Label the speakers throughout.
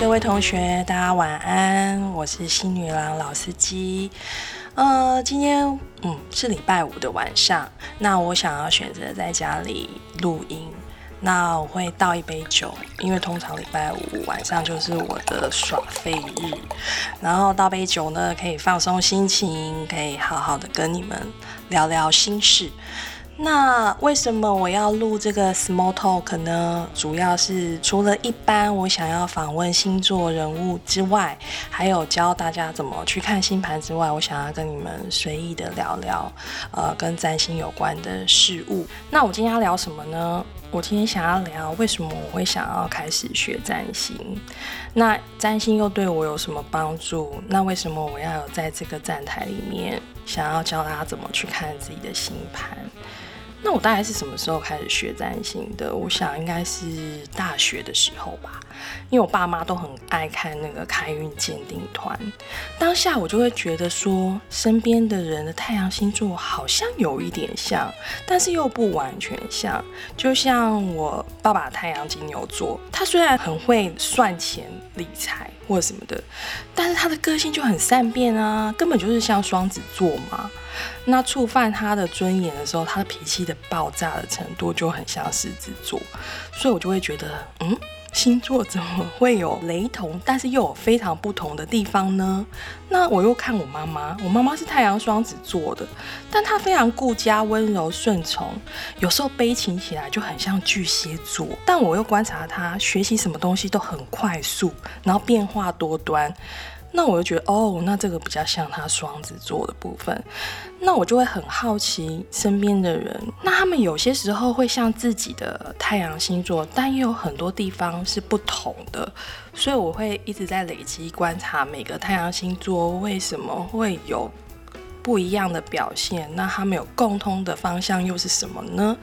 Speaker 1: 各位同學，大家晚安，我是星女郎老司機。呃，今天嗯是禮拜五的晚上，那我想要選擇在家裡錄音。那我會倒一杯酒，因為通常禮拜五晚上就是我的耍廢日。然後倒杯酒呢，可以放鬆心情，可以好好的跟你們聊聊心事。那為什麼我要錄這個 small talk 呢？主要是除了一般我想要訪問星座人物之外，還有教大家怎麼去看星盤之外，我想要跟你們隨意的聊聊，呃，跟占星有關的事物。那我今天要聊什麼呢？我今天想要聊為什麼我會想要開始學占星，那占星又對我有什麼幫助？那為什麼我要在這個站台裡面想要教大家怎麼去看自己的星盤？那我大概是什麼時候開始學占星的？我想應該是大學的時候吧。因為我爸媽都很愛看那個《開運鑑定團》，當下我就會覺得說，身邊的人的太陽星座好像有一點像，但是又不完全像。就像我爸爸的太陽金牛座，他雖然很會算錢、理財或者什麼的，但是他的個性就很善變啊，根本就是像雙子座嘛。那觸犯他的尊嚴的時候，他的脾氣的爆炸的程度就很像獅子座，所以我就會覺得，嗯。星座怎麼會有雷同，但是又有非常不同的地方呢？那我又看我媽媽，我媽媽是太陽雙子座的，但她非常顧家、溫柔、順從，有時候悲情起來就很像巨蟹座。但我又觀察她，學習什麼東西都很快速，然後變化多端。那我就覺得，哦，那這個比較像他雙子座的部分，那我就會很好奇身邊的人，那他們有些時候會像自己的太陽星座，但也有很多地方是不同的，所以我會一直在累積觀察每個太陽星座為什麼會有。不一樣的表現，那他們有共通的方向又是什麼呢？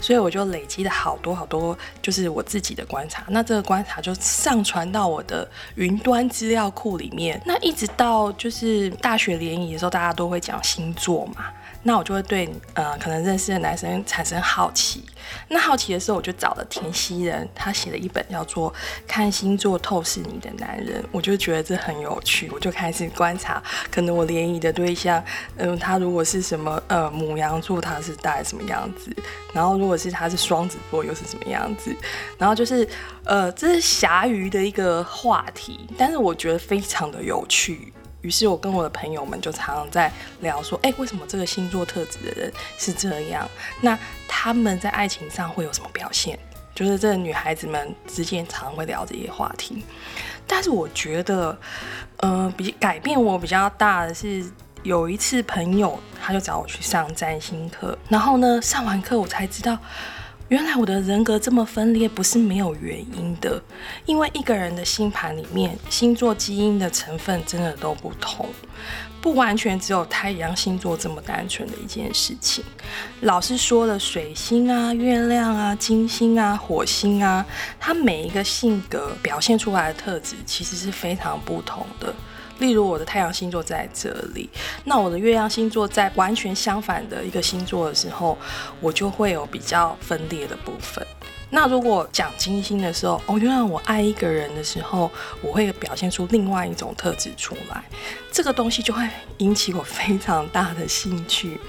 Speaker 1: 所以我就累積了好多好多，就是我自己的觀察。那這個觀察就上傳到我的雲端資料庫裡面。那一直到就是大學聯誼的時候，大家都會講星座嘛。那我就會對呃可能認識的男生產生好奇。那好奇的時候，我就找了田希仁，他寫了一本叫做《看星座透視你的男人》，我就覺得這很有趣，我就開始觀察。可能我聯誼的對象，嗯、呃，他如果是什麼呃牡羊座，他是大概什麼樣子；然後如果是他是雙子座，又是什麼樣子。然後就是呃，這是瑕餘的一個話題，但是我覺得非常的有趣。於是，我跟我的朋友們就常常在聊說：“哎、欸，為什麼這個星座特質的人是這樣？那他們在愛情上會有什麼表現？就是這個女孩子們之間常常會聊這些話題。但是，我覺得，呃，比改變我比較大的是，有一次朋友他就找我去上占星課，然後呢，上完課我才知道。”原來我的人格這麼分裂，不是沒有原因的。因為一個人的星盤裡面，星座基因的成分真的都不同，不完全只有太陽星座這麼單純的一件事情。老師說了，水星啊、月亮啊、金星啊、火星啊，它每一個性格表現出來的特質，其實是非常不同的。例如我的太陽星座在這裡，那我的月亮星座在完全相反的一個星座的時候，我就會有比較分裂的部分。那如果講金星的時候，哦，原來我愛一個人的時候，我會表現出另外一種特質出來，這個東西就會引起我非常大的興趣。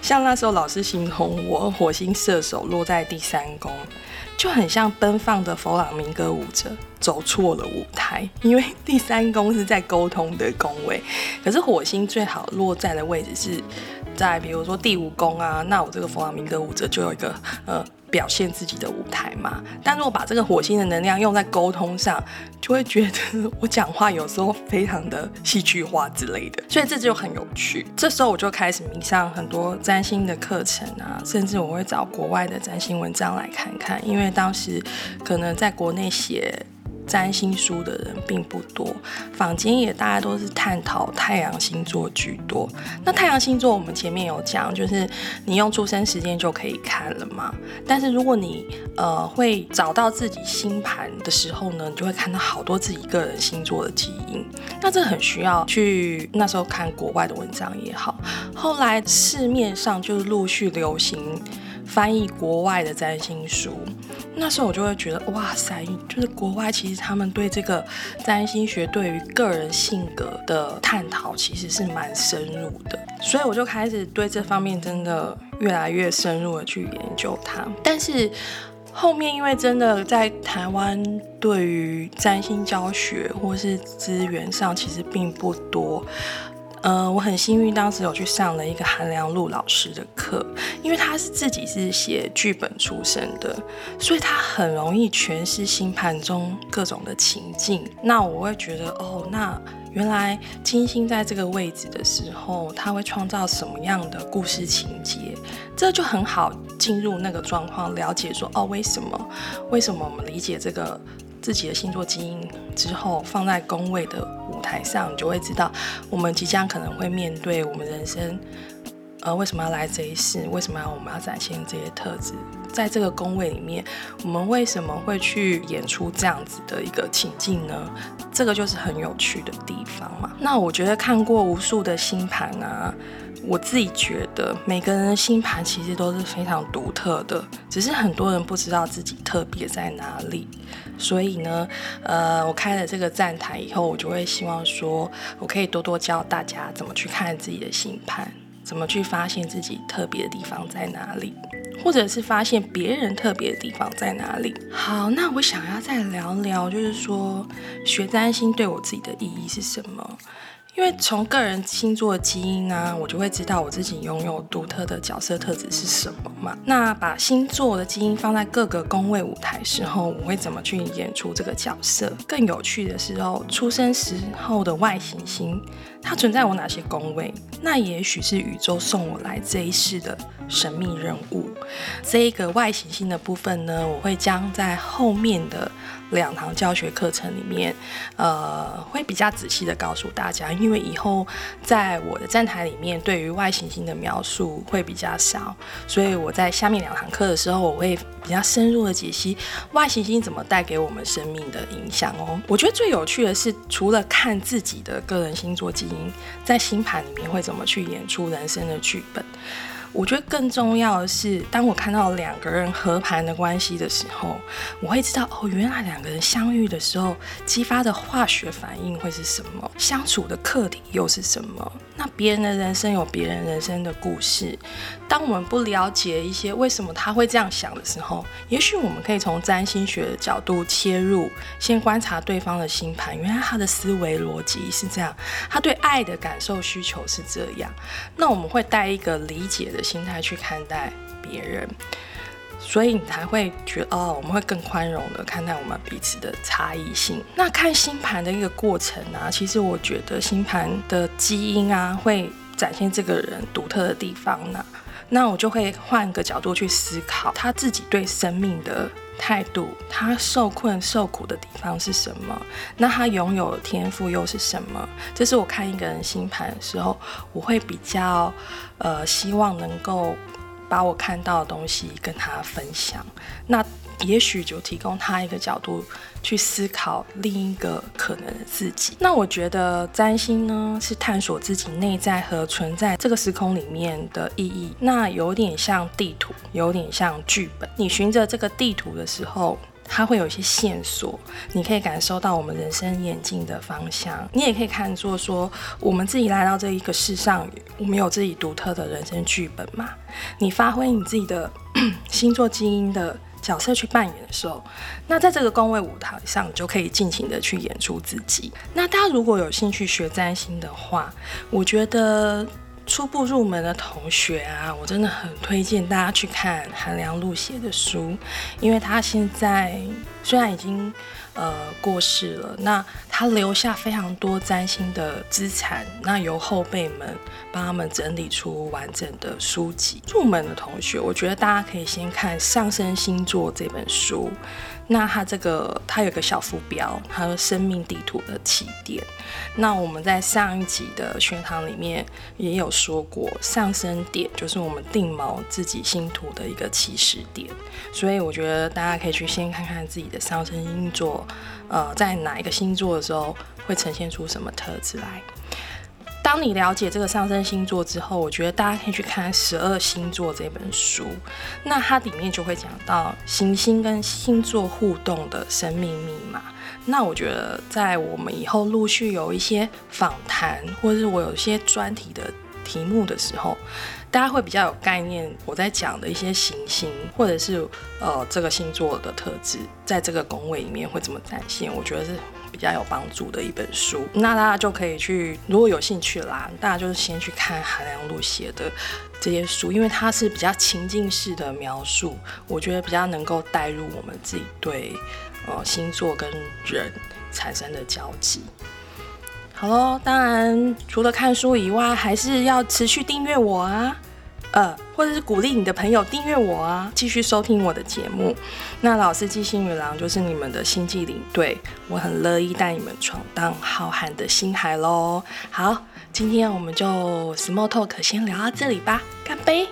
Speaker 1: 像那時候老師形疼容我，火星射手落在第三宮。就很像奔放的弗朗明哥舞者走錯了舞台，因為第三宮是在溝通的宮位，可是火星最好落在的位置是在比如說第五宮啊，那我這個弗朗明哥舞者就有一個呃。表現自己的舞台嘛，但如果把這個火星的能量用在溝通上，就會覺得我講話有時候非常的戲劇化之類的，所以這就很有趣。這時候我就開始迷上很多占星的課程啊，甚至我會找國外的占星文章來看看，因為當時可能在國內寫。占星書的人並不多，坊間也大概都是探討太陽星座居多。那太陽星座我們前面有講，就是你用出生時間就可以看了嘛。但是如果你呃會找到自己星盤的時候呢，你就會看到好多自己個人星座的基因。那這很需要去那時候看國外的文章也好，後來市面上就是陸續流行翻譯國外的占星書。那時候我就會覺得，哇塞，就是國外其實他們對這個占星學對於個人性格的探討其實是蠻深入的，所以我就開始對這方面真的越來越深入地去研究它。但是後面因為真的在台灣對於占星教學或是資源上其實並不多。呃，我很幸運，當時有去上了一個韓良露老師的課，因為他是自己是寫劇本出身的，所以他很容易詮釋星盤中各種的情境。那我會覺得，哦，那原來金星在這個位置的時候，他會創造什麼樣的故事情節？這就很好進入那個狀況，了解說，哦，為什麼？為什麼我們理解這個？自己的星座基因之後，放在宮位的舞台上，你就會知道，我們即將可能會面對我們人生，呃，為什麼要來這一世？為什麼要我們要展現這些特質？在這個宮位裡面，我們為什麼會去演出這樣子的一個情境呢？這個就是很有趣的地方嘛。那我覺得看過無數的星盤啊。我自己覺得每個人的星盤其實都是非常獨特的，只是很多人不知道自己特別在哪裡。所以呢，呃，我開了這個站台以後，我就會希望說，我可以多多教大家怎麼去看自己的星盤，怎麼去發現自己特別的地方在哪裡，或者是發現別人特別的地方在哪裡。好，那我想要再聊聊，就是說學占星對我自己的意義是什麼？因為從個人星座的基因呢、啊，我就會知道我自己擁有獨特的角色特質是什麼嘛。那把星座的基因放在各個宮位舞台時候，我會怎麼去演出這個角色？更有趣的時候，出生時候的外行星，它存在我哪些宮位？那也許是宇宙送我來這一世的神秘任務。這一個外行星的部分呢，我會將在後面的。兩堂教學課程裡面，呃，會比較仔細地告訴大家，因為以後在我的站台裡面，對於外行星的描述會比較少，所以我在下面兩堂課的時候，我會比較深入地解析外行星怎麼帶給我們生命的影響哦。我覺得最有趣的是，除了看自己的個人星座基因，在星盤裡面會怎麼去演出人生的劇本。我覺得更重要的是，當我看到兩個人合盤的關係的時候，我會知道哦，原來兩個人相遇的時候激發的化學反應會是什麼，相處的課題又是什麼？那別人的人生有別人人生的故事，當我們不了解一些為什麼他會這樣想的時候，也許我們可以從占星學的角度切入，先觀察對方的星盤，原來他的思維邏輯是這樣，他對愛的感受需求是這樣。那我們會帶一個理解的。的心態去看待別人，所以你才會覺得哦，我們會更寬容地看待我們彼此的差異性。那看星盤的一個過程啊，其實我覺得星盤的基因啊會展現這個人獨特的地方呢、啊。那我就會換個角度去思考他自己對生命的。態度，他受困受苦的地方是什麼？那他擁有的天賦又是什麼？這是我看一個人星盤的時候，我會比較，呃，希望能夠把我看到的東西跟他分享。那。也許就提供他一個角度去思考另一個可能的自己。那我覺得占星呢，是探索自己內在和存在這個時空裡面的意義。那有點像地圖，有點像劇本。你循着這個地圖的時候，它會有一些線索，你可以感受到我們人生演進的方向。你也可以看作說，我們自己來到這一個世上，我們有自己獨特的人生劇本嘛。你發揮你自己的 星座基因的。角色去扮演的時候，那在這個宮位舞台上，你就可以盡情的去演出自己。那大家如果有興趣學占星的話，我覺得初步入門的同學啊，我真的很推薦大家去看韓良露寫的書，因為他現在。雖然已經呃過世了，那他留下非常多占星的資產，那由後輩們幫他們整理出完整的書籍。入門的同學，我覺得大家可以先看《上昇星座》這本書。那它這個它有個小副標，還有“生命地圖”的起點。那我們在上一集的學堂裡面也有說過，上升點就是我們定錨自己星圖的一個起始點。所以我覺得大家可以去先看看自己的。上升星座，呃，在哪一個星座的時候會呈現出什麼特質來？當你了解這個上升星座之後，我覺得大家可以去看《十二星座》這本書，那它裡面就會講到行星跟星座互動的生命密碼。那我覺得，在我們以後陸續有一些訪談，或是我有一些專題的題目的時候，大家會比較有概念，我在講的一些行星，或者是呃這個星座的特質，在這個宮位裡面會怎麼展現，我覺得是比較有幫助的一本書。那大家就可以去，如果有興趣啦，大家就是先去看韓良露寫的這些書，因為它是比較情境式的描述，我覺得比較能夠帶入我們自己對呃星座跟人產生的交集。好嘍，當然除了看書以外，還是要持續訂閱我啊，呃，或者是鼓勵你的朋友訂閱我啊，繼續收聽我的節目。那老司機星女郎就是你們的星際領隊，我很樂意帶你們闖蕩浩瀚的星海咯。好，今天我們就 Small Talk 先聊到這裡吧，乾杯！